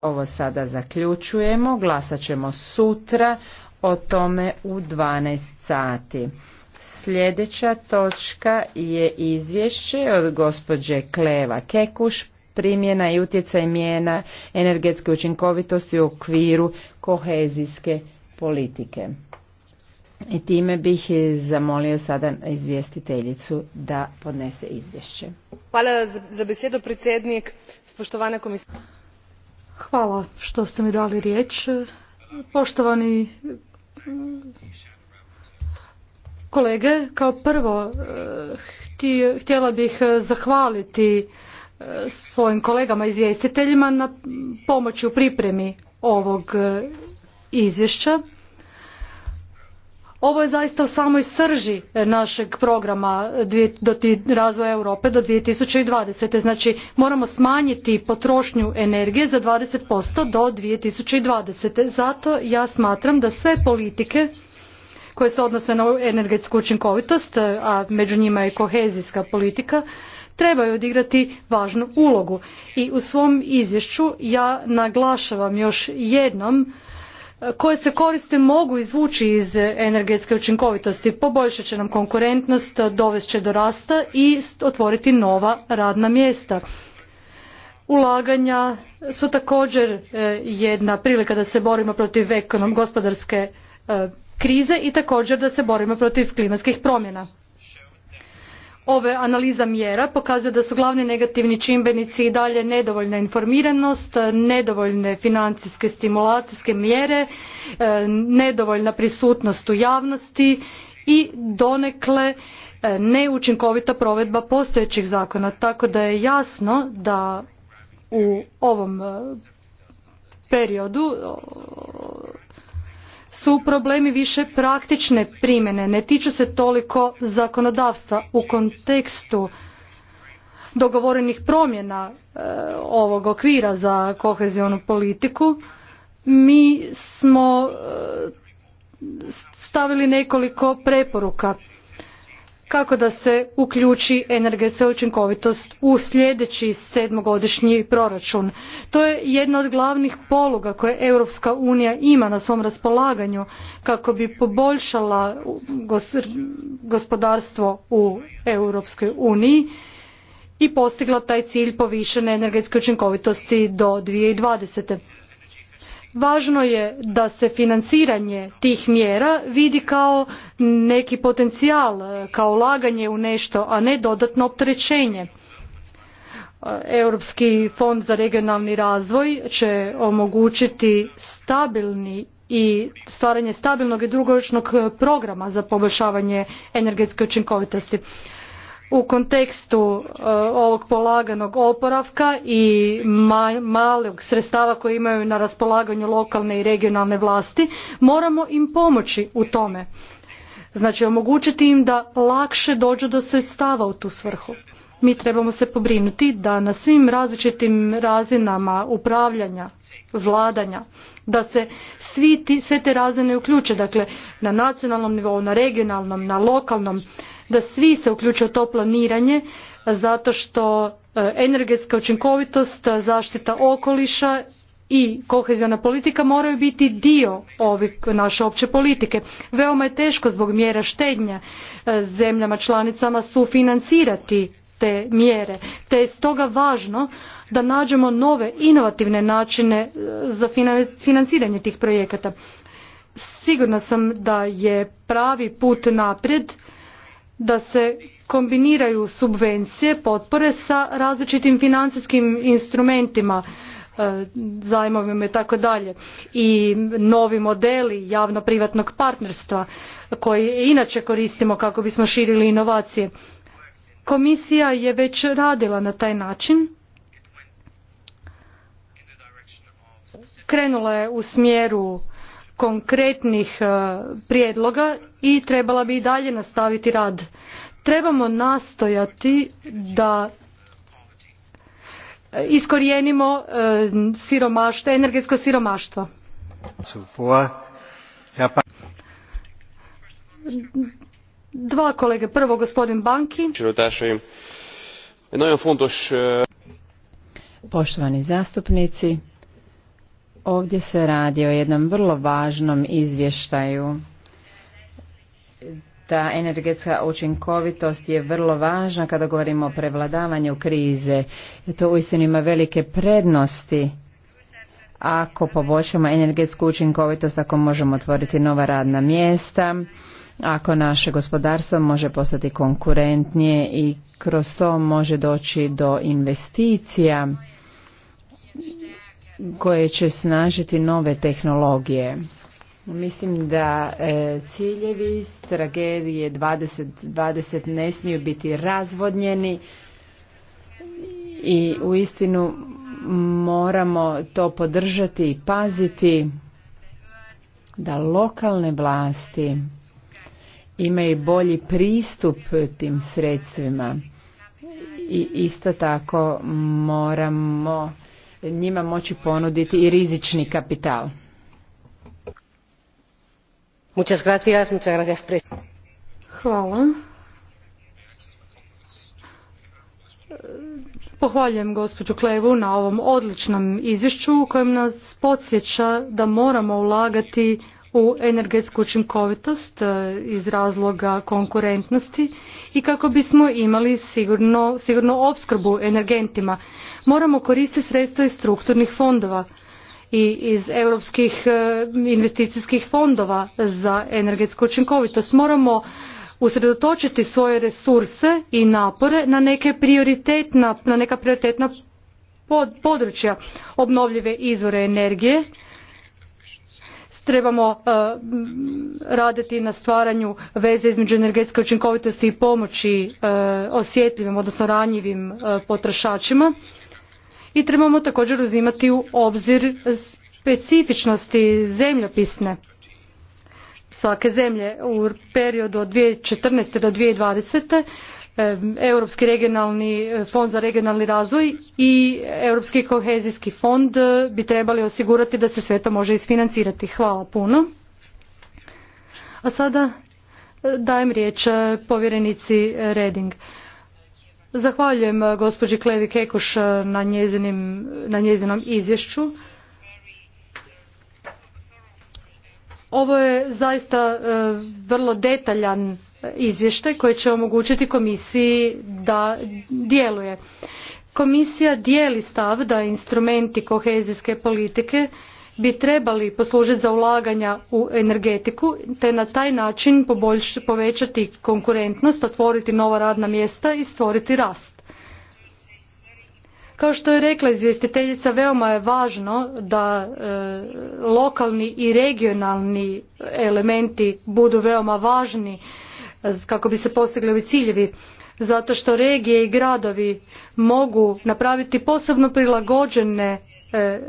Ovo sada zaključujemo, glasat ćemo sutra o tome u 12 sati. Sljedeća točka je izvješće od gospođe Kleva Kekuš, primjena i utjecaj mjena energetske učinkovitosti u okviru kohezijske politike. I time bih zamolio sada izvjestiteljicu da podnese izvješće. Hvala za besedo, predsjednik, spoštovana komisija. Hvala što ste mi dali riječ. Poštovani kolege, kao prvo eh, htjela bih zahvaliti eh, svojim kolegama izvjestiteljima na pomoći u pripremi ovog eh, izvješća. Ovo je zaista u samoj srži e, našeg programa e, razvoja Europe do 2020. Znači moramo smanjiti potrošnju energije za 20% do 2020. Zato ja smatram da sve politike koje se odnose na energetsku učinkovitost, e, a među njima je kohezijska politika, trebaju odigrati važnu ulogu. I u svom izvješću ja naglašavam još jednom koje se koriste mogu izvući iz energetske učinkovitosti poboljšat će nam konkurentnost dovest će do rasta i otvoriti nova radna mjesta ulaganja su također e, jedna prilika da se borimo protiv ekonom, gospodarske e, krize i također da se borimo protiv klimatskih promjena Ove analiza mjera pokazuje da su glavni negativni čimbenici i dalje nedovoljna informiranost, nedovoljne financijske stimulacijske mjere, e, nedovoljna prisutnost u javnosti i donekle e, neučinkovita provedba postojećih zakona. Tako da je jasno da u ovom e, periodu su problemi više praktične primjene, ne tiču se toliko zakonodavstva u kontekstu dogovorenih promjena e, ovog okvira za kohezionu politiku. Mi smo e, stavili nekoliko preporuka kako da se uključi energetska učinkovitost u sljedeći sedmogodišnji proračun. To je jedna od glavnih poluga koje Europska unija ima na svom raspolaganju kako bi poboljšala gospodarstvo u Europskoj uniji i postigla taj cilj povišene energetske učinkovitosti do 2020. Važno je da se financiranje tih mjera vidi kao neki potencijal, kao ulaganje u nešto, a ne dodatno opterećenje. Europski fond za regionalni razvoj će omogućiti stabilni i stvaranje stabilnog i dugoročnog programa za poboljšavanje energetske učinkovitosti u kontekstu e, ovog polaganog oporavka i malog sredstava koje imaju na raspolaganju lokalne i regionalne vlasti moramo im pomoći u tome znači omogućiti im da lakše dođu do sredstava u tu svrhu mi trebamo se pobrinuti da na svim različitim razinama upravljanja vladanja da se sve te razine uključe dakle na nacionalnom nivou na regionalnom na lokalnom da svi se uključe u to planiranje zato što e, energetska učinkovitost, zaštita okoliša i koheziona politika moraju biti dio naše opće politike. Veoma je teško zbog mjera štednja e, zemljama članicama sufinancirati te mjere, te je stoga važno da nađemo nove inovativne načine e, za financiranje tih projekata. Sigurna sam da je pravi put naprijed da se kombiniraju subvencije, potpore sa različitim financijskim instrumentima e, zajmovima i tako dalje i novi modeli javno privatnog partnerstva koje inače koristimo kako bismo širili inovacije komisija je već radila na taj način krenula je u smjeru konkretnih e, prijedloga i trebala bi i dalje nastaviti rad. Trebamo nastojati da iskorijenimo e, siromaštvo, energetsko siromaštvo. Dva kolege, prvo gospodin Banki. E, Poštovani zastupnici, Ovdje se radi o jednom vrlo važnom izvještaju. Ta energetska učinkovitost je vrlo važna kada govorimo o prevladavanju krize. To uistinu ima velike prednosti ako poboljšamo energetsku učinkovitost, ako možemo otvoriti nova radna mjesta, ako naše gospodarstvo može postati konkurentnije i kroz to može doći do investicija koje će snažiti nove tehnologije. Mislim da e, ciljevi tragedije 2020 ne smiju biti razvodnjeni i u istinu moramo to podržati i paziti da lokalne vlasti imaju bolji pristup tim sredstvima i isto tako moramo njima moći ponuditi i rizični kapital. Hvala. Pohvaljujem gospođu Klevu na ovom odličnom izvješću u kojem nas podsjeća da moramo ulagati u energetsku učinkovitost e, iz razloga konkurentnosti i kako bismo imali sigurno, opskrbu energentima. Moramo koristiti sredstva iz strukturnih fondova i iz europskih e, investicijskih fondova za energetsku učinkovitost. Moramo usredotočiti svoje resurse i napore na, neke prioritetna, na neka prioritetna područja obnovljive izvore energije trebamo e, raditi na stvaranju veze između energetske učinkovitosti i pomoći e, osjetljivim odnosno ranjivim e, potrošačima i trebamo također uzimati u obzir specifičnosti zemljopisne svake zemlje u periodu od 2014. do 2020. Europski regionalni eh, fond za regionalni razvoj i Europski kohezijski fond eh, bi trebali osigurati da se sve to može isfinancirati. Hvala puno. A sada eh, dajem riječ povjerenici Reding. Zahvaljujem gospođi Klevi Kekuš na, njezinim, na njezinom izvješću. Ovo je zaista vrlo detaljan izvještaj koji će omogućiti komisiji da djeluje. Komisija dijeli stav da instrumenti kohezijske politike bi trebali poslužiti za ulaganja u energetiku te na taj način povećati konkurentnost, otvoriti nova radna mjesta i stvoriti rast. Kao što je rekla izvjestiteljica, veoma je važno da e, lokalni i regionalni elementi budu veoma važni kako bi se postigli ovi ciljevi zato što regije i gradovi mogu napraviti posebno prilagođene e,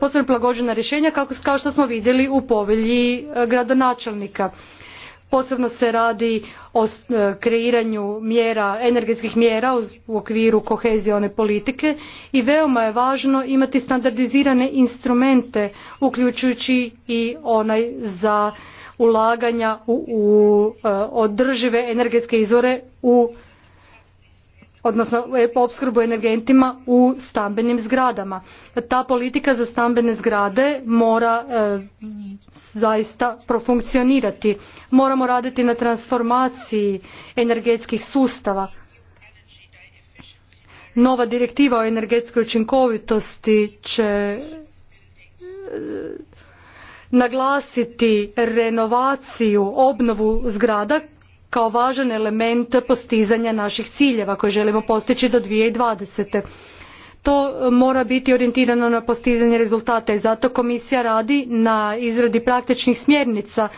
posebno prilagođena rješenja kao što smo vidjeli u povelji e, gradonačelnika. Posebno se radi o e, kreiranju mjera, energetskih mjera u okviru kohezione politike i veoma je važno imati standardizirane instrumente uključujući i onaj za ulaganja u, e, održive energetske izvore u odnosno e, opskrbu energentima u stambenim zgradama. Ta politika za stambene zgrade mora e, zaista profunkcionirati. Moramo raditi na transformaciji energetskih sustava. Nova direktiva o energetskoj učinkovitosti će naglasiti renovaciju, obnovu zgrada kao važan element postizanja naših ciljeva koje želimo postići do 2020. To mora biti orijentirano na postizanje rezultata i zato komisija radi na izradi praktičnih smjernica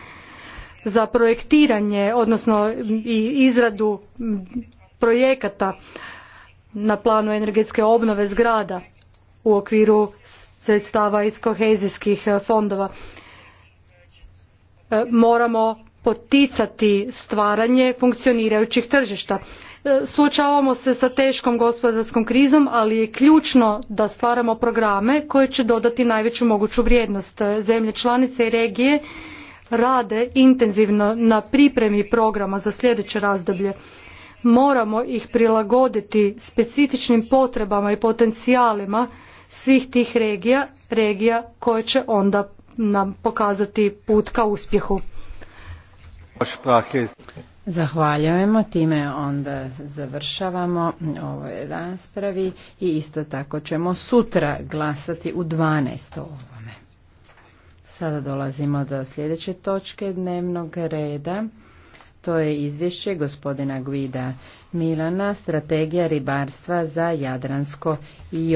za projektiranje, odnosno i izradu projekata na planu energetske obnove zgrada u okviru sredstava iz kohezijskih fondova. E, moramo poticati stvaranje funkcionirajućih tržišta. E, suočavamo se sa teškom gospodarskom krizom, ali je ključno da stvaramo programe koji će dodati najveću moguću vrijednost. E, zemlje članice i regije rade intenzivno na pripremi programa za sljedeće razdoblje. Moramo ih prilagoditi specifičnim potrebama i potencijalima svih tih regija, regija koje će onda nam pokazati put ka uspjehu. Zahvaljujemo, time onda završavamo ovoj raspravi i isto tako ćemo sutra glasati u 12. ovome. Sada dolazimo do sljedeće točke dnevnog reda. To je izvješće gospodina gvida Milana, strategija ribarstva za Jadransko i